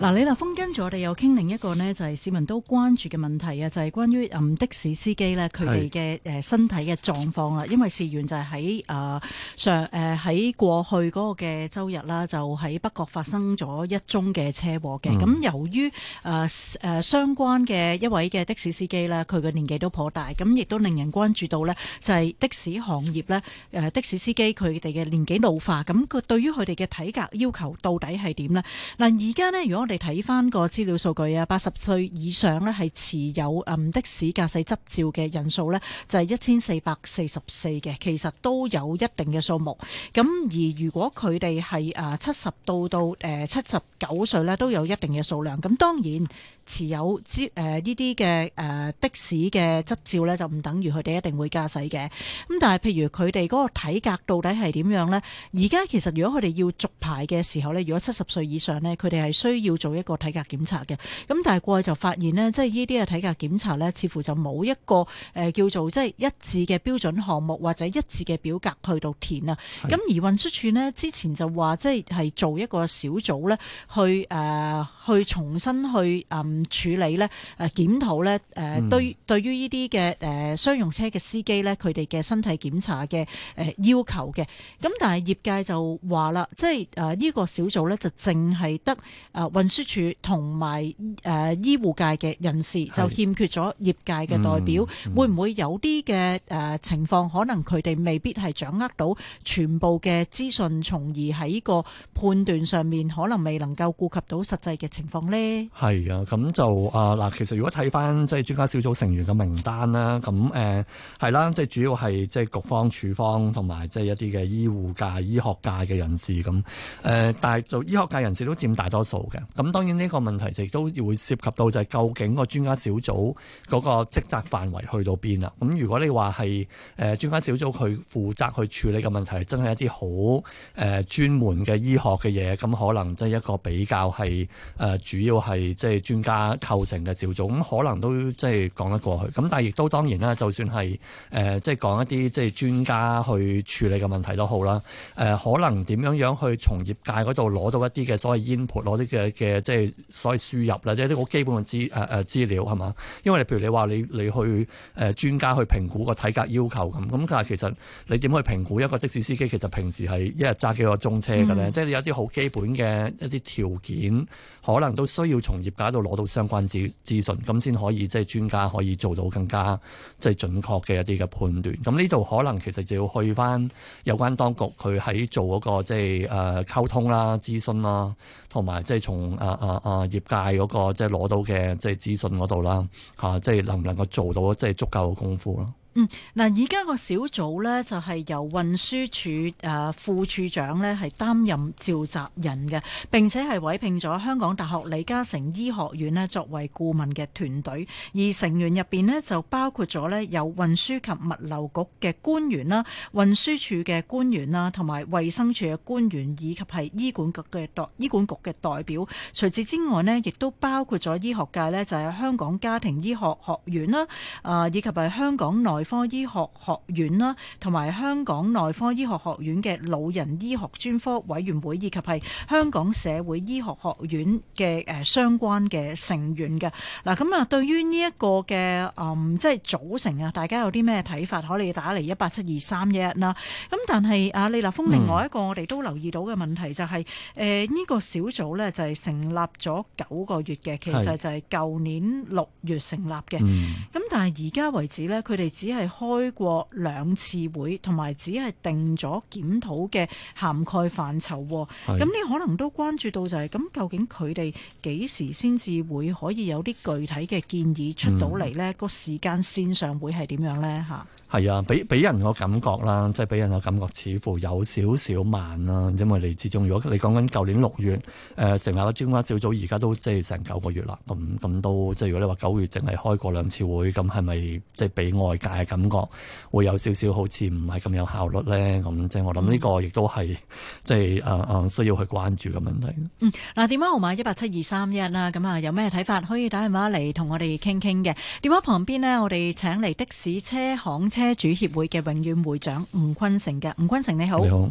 嗱，李立峰跟住我哋又傾另一個呢，就係、是、市民都關注嘅問題啊，就係、是、關於誒的士司機咧，佢哋嘅誒身體嘅狀況啦。因為事源就係喺誒上誒喺、呃、過去嗰個嘅周日啦，就喺北角發生咗一宗嘅車禍嘅。咁、嗯、由於誒誒、呃、相關嘅一位嘅的，的士司機咧，佢嘅年紀都頗大，咁亦都令人關注到咧，就係、是、的士行業咧，誒、呃、的士司機佢哋嘅年紀老化，咁佢對於佢哋嘅體格要求到底係點咧？嗱，而家咧如果，我哋睇翻個資料數據啊，八十歲以上呢係持有嗯的士駕駛執照嘅人數呢，就係一千四百四十四嘅，其實都有一定嘅數目。咁而如果佢哋係啊七十到到誒七十九歲呢，都有一定嘅數量。咁當然持有誒呢啲嘅誒的士嘅執照呢，就唔等於佢哋一定會駕駛嘅。咁但係譬如佢哋嗰個體格到底係點樣呢？而家其實如果佢哋要續牌嘅時候呢，如果七十歲以上呢，佢哋係需要。做一個體格檢查嘅，咁但係過去就發現呢，即係呢啲嘅體格檢查呢，似乎就冇一個誒、呃、叫做即係一致嘅標準項目或者一致嘅表格去到填啊。咁而運輸署呢，之前就話即係係做一個小組呢，去、呃、誒去重新去嗯處理呢誒檢討呢誒對對於呢啲嘅誒商用車嘅司機呢，佢哋嘅身體檢查嘅誒、呃、要求嘅，咁但係業界就話啦，即係誒呢個小組呢，就淨係得誒運署同埋誒醫護界嘅人士，就欠缺咗業界嘅代表，嗯嗯、會唔會有啲嘅誒情況，可能佢哋未必係掌握到全部嘅資訊，從而喺個判斷上面可能未能夠顧及到實際嘅情況呢？係啊，咁就啊嗱，其實如果睇翻即係專家小組成員嘅名單啦，咁誒係啦，即、啊、係、啊、主要係即係局方、處方同埋即係一啲嘅醫護界、醫學界嘅人士咁誒、啊，但係做醫學界人士都佔大多數嘅。咁當然呢個問題亦都會涉及到就係究竟個專家小組嗰個職責範圍去到邊啦。咁如果你話係誒專家小組去負責去處理嘅問題，真係一啲好誒專門嘅醫學嘅嘢，咁可能即係一個比較係誒主要係即係專家構成嘅小組，咁可能都即係講得過去。咁但係亦都當然啦，就算係誒即係講一啲即係專家去處理嘅問題都好啦。誒可能點樣樣去從業界嗰度攞到一啲嘅所謂 input 攞啲嘅嘅。誒、就是，即係所謂輸入啦，即係啲好基本嘅資誒誒資料係嘛？因為，譬如你話你你去誒專家去評估個體格要求咁，咁但係其實你點去評估一個的士司機？其實平時係一日揸幾個鐘車嘅咧？即、嗯、係、就是、你有啲好基本嘅一啲條件，可能都需要從業界度攞到相關資資訊，咁先可以即係專家可以做到更加即係準確嘅一啲嘅判斷。咁呢度可能其實就要去返有關當局，佢喺做嗰個即係誒溝通啦、諮詢啦，同埋即係從。啊啊啊！業界嗰個即係攞到嘅即係資訊嗰度啦，嚇、啊、即係能唔能夠做到即係足夠嘅功夫咯？嗱、嗯，而家個小組咧就係由運輸署誒副署長咧係擔任召集人嘅，並且係委聘咗香港大學李嘉誠醫學院咧作為顧問嘅團隊，而成員入邊咧就包括咗咧有運輸及物流局嘅官員啦、運輸署嘅官員啦、同埋衛生署嘅官員以及係醫管局嘅代醫管局嘅代表。除此之外咧，亦都包括咗醫學界咧就係香港家庭醫學學院啦，啊，以及係香港內。醫學學科醫學學院啦，同埋香港內科醫學學院嘅老人醫學專科委員會，以及係香港社會醫學學院嘅、誒、呃、相關嘅成員嘅。嗱，咁啊，這對於呢一個嘅、誒、嗯，即係組成啊，大家有啲咩睇法？可以打嚟一八七二三一一啦。咁但係啊，李立峰，另外一個我哋都留意到嘅問題就係、是、誒、嗯、呢、呃這個小組咧就係、是、成立咗九個月嘅，其實就係舊年六月成立嘅。咁、嗯、但係而家為止咧，佢哋只係。係開過兩次會，同埋只係定咗檢討嘅涵蓋範疇。咁你可能都關注到就係、是、咁，究竟佢哋幾時先至會可以有啲具體嘅建議出到嚟呢？嗯呢個時間線上會係點樣呢？吓。係啊，俾俾人個感覺啦，即係俾人個感覺似乎有少少慢啦。因為嚟之中，如果你講緊舊年六月，誒成立個專家小組，而家都即係成九個月啦。咁咁都即係如果你話九月淨係開過兩次會，咁係咪即係俾外界嘅感覺會有少少好似唔係咁有效率咧？咁即係我諗呢個亦都係即係誒需要去關注嘅問題嗯，嗱電話號碼一八七二三一啦，咁啊有咩睇法可以打電話嚟同我哋傾傾嘅？電話旁邊呢，我哋請嚟的士車行。車主協會嘅永遠會長吳坤成嘅。吳坤成你好。你好，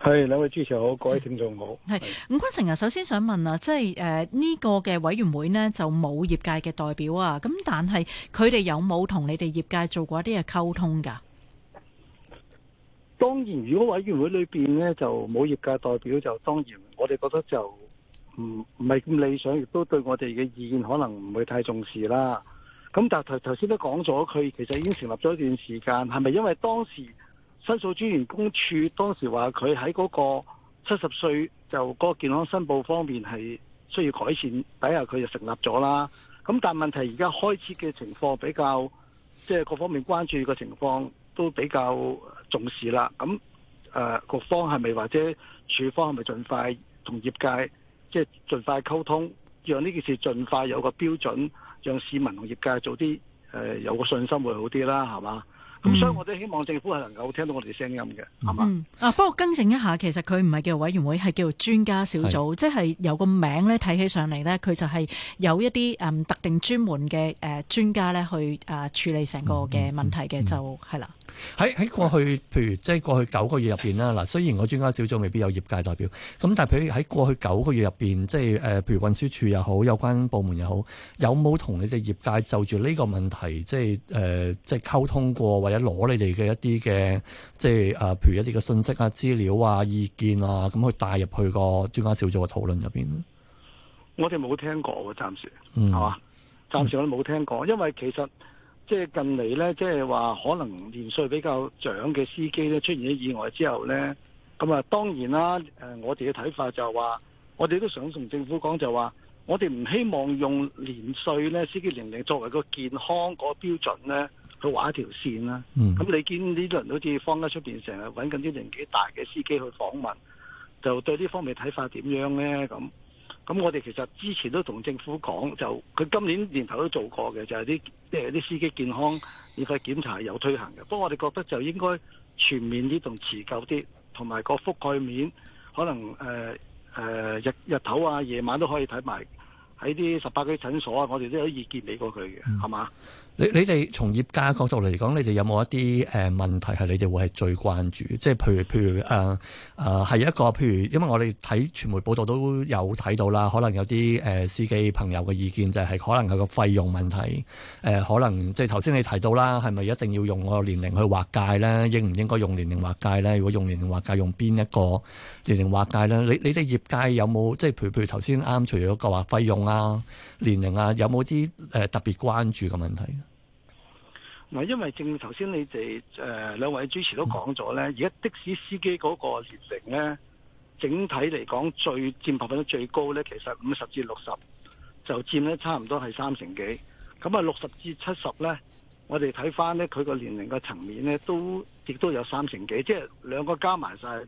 係兩位主持好，各位聽眾好。係吳坤成啊，首先想問啊，即係誒呢個嘅委員會呢，就冇業界嘅代表啊，咁但係佢哋有冇同你哋業界做過一啲嘅溝通噶？當然，如果委員會裏邊呢，就冇業界代表，就當然我哋覺得就唔唔係咁理想，亦都對我哋嘅意見可能唔會太重視啦。咁但係頭頭先都講咗，佢其實已經成立咗一段時間，係咪因為當時申訴專員公署當時話，佢喺嗰個七十歲就嗰個健康申報方面係需要改善，底下佢就成立咗啦。咁但係問題而家開始嘅情況比較即係、就是、各方面關注嘅情況都比較重視啦。咁誒局方係咪或者處方係咪盡快同業界即係盡快溝通，讓呢件事盡快有個標準。讓市民同業界早啲誒有個信心會好啲啦，係嘛？咁所以我都希望政府係能夠聽到我哋聲音嘅，係、嗯、嘛、嗯？啊，不過更正一下，其實佢唔係叫委員會，係叫專家小組，是即係有個名咧睇起上嚟咧，佢就係有一啲嗯特定專門嘅誒、呃、專家咧去誒處理成個嘅問題嘅、嗯，就係啦。喺、嗯、喺過去，譬如即係、就是、過去九個月入邊啦，嗱，雖然我專家小組未必有業界代表，咁但係譬如喺過去九個月入邊，即係誒，譬如運輸署又好，有關部門又好，有冇同你哋業界就住呢個問題，即係誒，即係溝通過。或者攞你哋嘅一啲嘅，即係誒，譬如一啲嘅信息啊、資料啊、意見啊，咁去帶入去個專家小組嘅討論入邊。我哋冇聽過，暫時，係、嗯、嘛？暫時我都冇聽過、嗯，因為其實即係、就是、近嚟咧，即係話可能年歲比較長嘅司機咧，出現咗意外之後咧，咁啊，當然啦。誒，我哋嘅睇法就話，我哋都想同政府講，就話我哋唔希望用年歲咧，司機年齡作為個健康嗰標準咧。去畫一條線啦、啊，咁、嗯、你見呢輪好似方家出邊，成日揾緊啲年紀大嘅司機去訪問，就對呢方面睇法點樣咧？咁咁我哋其實之前都同政府講，就佢今年年頭都做過嘅，就係啲即係啲司機健康免費檢查有推行嘅。不過我哋覺得就應該全面啲同持久啲，同埋個覆蓋面可能、呃呃、日日頭啊、夜晚都可以睇埋喺啲十八區診所啊，我哋都有意見俾過佢嘅，係、嗯、嘛？你你哋從業界角度嚟講，你哋有冇一啲誒問題係你哋會係最關注？即係譬如譬如誒誒係一個譬如，因為我哋睇傳媒報道都有睇到啦，可能有啲誒、呃、司機朋友嘅意見就係、是、可能佢個費用問題誒、呃，可能即係頭先你提到啦，係咪一定要用個年齡去劃界咧？應唔應該用年齡劃界咧？如果用年齡劃界，用邊一個年齡劃界咧？你你哋業界有冇即係譬如譬如頭先啱啱除咗個話費用啊、年齡啊，有冇啲誒特別關注嘅問題？嗱，因為正頭先你哋誒、呃、兩位主持都講咗咧，而家的士司機嗰個年齡咧，整體嚟講最佔百分率最高咧，其實五十至六十就佔咧差唔多係三成幾。咁啊，六十至七十咧，我哋睇翻咧佢個年齡嘅層面咧，都亦都有三成幾，即係兩個加埋晒呢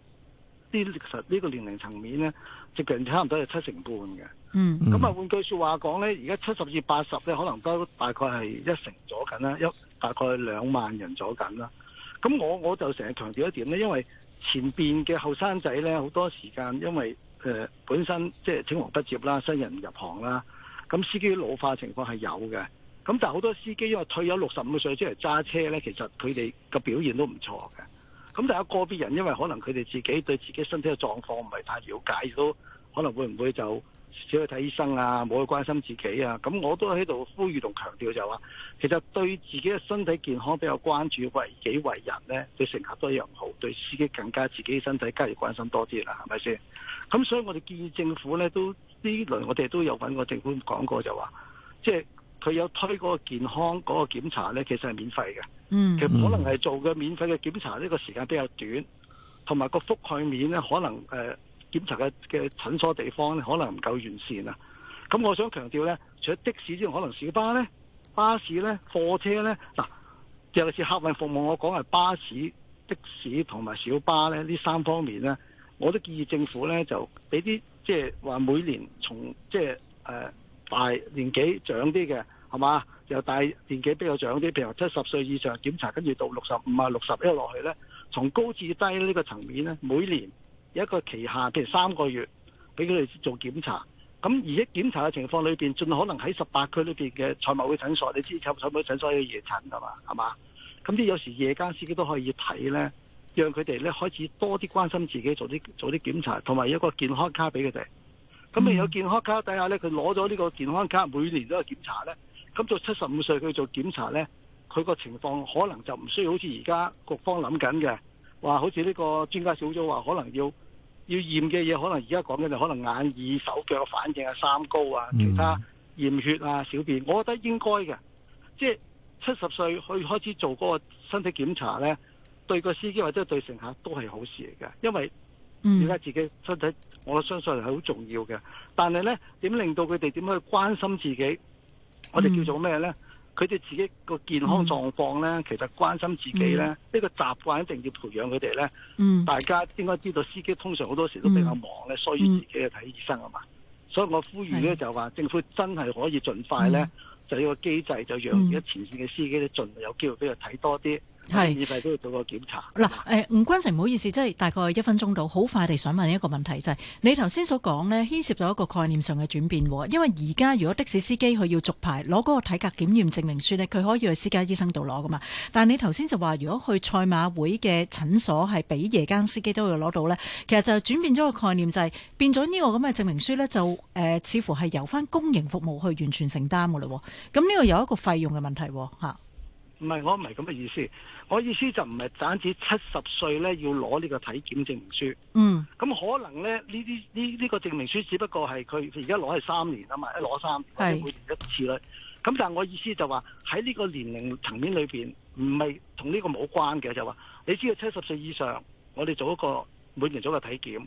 其實呢個年齡層面咧，直情差唔多係七成半嘅。嗯，咁啊換句説話講咧，而家七十至八十咧，可能都大概係一成左近啦，一。大概兩萬人左右啦，咁我我就成日強調一點咧，因為前面嘅後生仔咧，好多時間因為誒、呃、本身即係青黃不接啦，新人入行啦，咁司機老化的情況係有嘅。咁但係好多司機因為退休六十五歲出嚟揸車咧，其實佢哋個表現都唔錯嘅。咁但有個別人因為可能佢哋自己對自己身體嘅狀況唔係太了解，亦都可能會唔會就。少去睇醫生啊，冇去關心自己啊，咁我都喺度呼籲同強調就話，其實對自己嘅身體健康比較關注，為己為人咧，對乘客都一樣好，對司機更加自己身體，更要關心多啲啦，係咪先？咁所以，我哋建議政府咧，都呢輪我哋都有揾過政府講過，就話，即係佢有推嗰個健康嗰個檢查咧，其實係免費嘅，嗯，嗯，其實可能係做嘅免費嘅檢查，呢個時間比較短，同埋個覆蓋面咧，可能誒。呃檢查嘅嘅診所地方咧，可能唔夠完善啊！咁我想強調咧，除咗的士之外，可能小巴咧、巴士咧、貨車咧，嗱，尤其客運服務，我講係巴士、的士同埋小巴咧呢呢三方面咧，我都建議政府咧就俾啲即係話每年從即係、即係呃、大年紀長啲嘅係嘛，又大年紀比較長啲，譬如話七十歲以上檢查，跟住到六十五啊六十一落去咧，從高至低呢個層面咧，每年。一個期限，譬如三個月，俾佢哋做檢查。咁而一檢查嘅情況裏邊，盡可能喺十八區裏邊嘅賽馬會診所，你知賽馬會診所有夜診噶嘛？係嘛？咁啲有時夜間司機都可以睇呢，讓佢哋呢開始多啲關心自己做，做啲做啲檢查，同埋一個健康卡俾佢哋。咁你有健康卡底下呢，佢攞咗呢個健康卡，每年都有檢查呢。咁到七十五歲佢做檢查呢，佢個情況可能就唔需要好似而家局方諗緊嘅。話好似呢個專家小組話，可能要要驗嘅嘢，可能而家講緊就可能眼耳手腳反應啊、三高啊、其他驗血啊、小便，我覺得應該嘅。即係七十歲去開始做嗰個身體檢查呢，對個司機或者對乘客都係好事嚟嘅，因為點解自己身體，我相信係好重要嘅。但係呢，點令到佢哋點去關心自己？我哋叫做咩呢？佢哋自己個健康狀況咧，mm. 其實關心自己咧，呢、呢個習慣一定要培養佢哋咧。嗯、mm.，大家應該知道司機通常好多時都比較忙咧，mm. 所以自己去睇醫生啊嘛。所以我呼籲咧，就話政府真係可以盡快咧，mm. 就呢個機制，就讓而家前線嘅司機咧，盡量有機會俾佢睇多啲。係，免費都要做個檢查。嗱、呃，吳坤成唔好意思，即、就、係、是、大概一分鐘到，好快地想問一個問題，就係、是、你頭先所講呢牽涉到一個概念上嘅轉變。因為而家如果的士司機佢要續牌，攞嗰個體格檢驗證明書呢，佢可以去私家醫生度攞㗎嘛。但係你頭先就話，如果去賽馬會嘅診所係畀夜間司機都要攞到呢，其實就轉變咗個概念，就係、是、變咗呢個咁嘅證明書呢就、呃、似乎係由返公營服務去完全承擔嘅嘞。咁呢個有一個費用嘅問題喎、啊。唔係，我唔係咁嘅意思。我意思就唔係單止七十歲咧要攞呢個體檢證明書。嗯。咁可能咧呢啲呢呢個證明書，只不過係佢而家攞係三年啊嘛，一攞三年，每年一次啦。咁但係我意思就話喺呢個年齡層面裏面，唔係同呢個冇關嘅，就話你知道七十歲以上，我哋做一個每年做個體檢，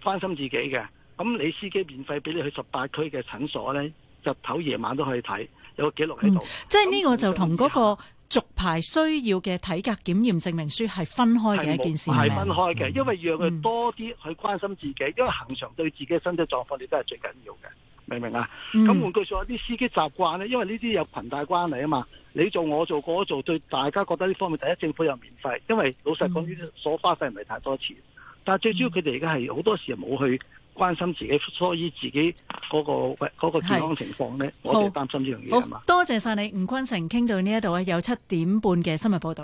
翻心自己嘅。咁你司機免費俾你去十八區嘅診所咧，日頭夜晚都可以睇，有個記錄喺度、嗯。即係呢個就同嗰、嗰個。續牌需要嘅體格檢驗證明書係分開嘅一件事，係分開嘅、嗯，因為讓佢多啲去關心自己，嗯、因為恆常對自己嘅身體狀況，亦都係最緊要嘅，明唔明啊？咁、嗯、換句說話，啲司機習慣咧，因為呢啲有裙帶關係啊嘛，你做我做我做，我做，對大家覺得呢方面，第一政府又免費，因為老實講呢啲所花費唔係太多錢，但係最主要佢哋而家係好多時冇去。關心自己，所以自己嗰，那個喂，那個健康情況咧，我哋擔心呢樣嘢啊嘛。多謝晒你吳坤成，傾到呢一度啊，有七點半嘅新聞報道。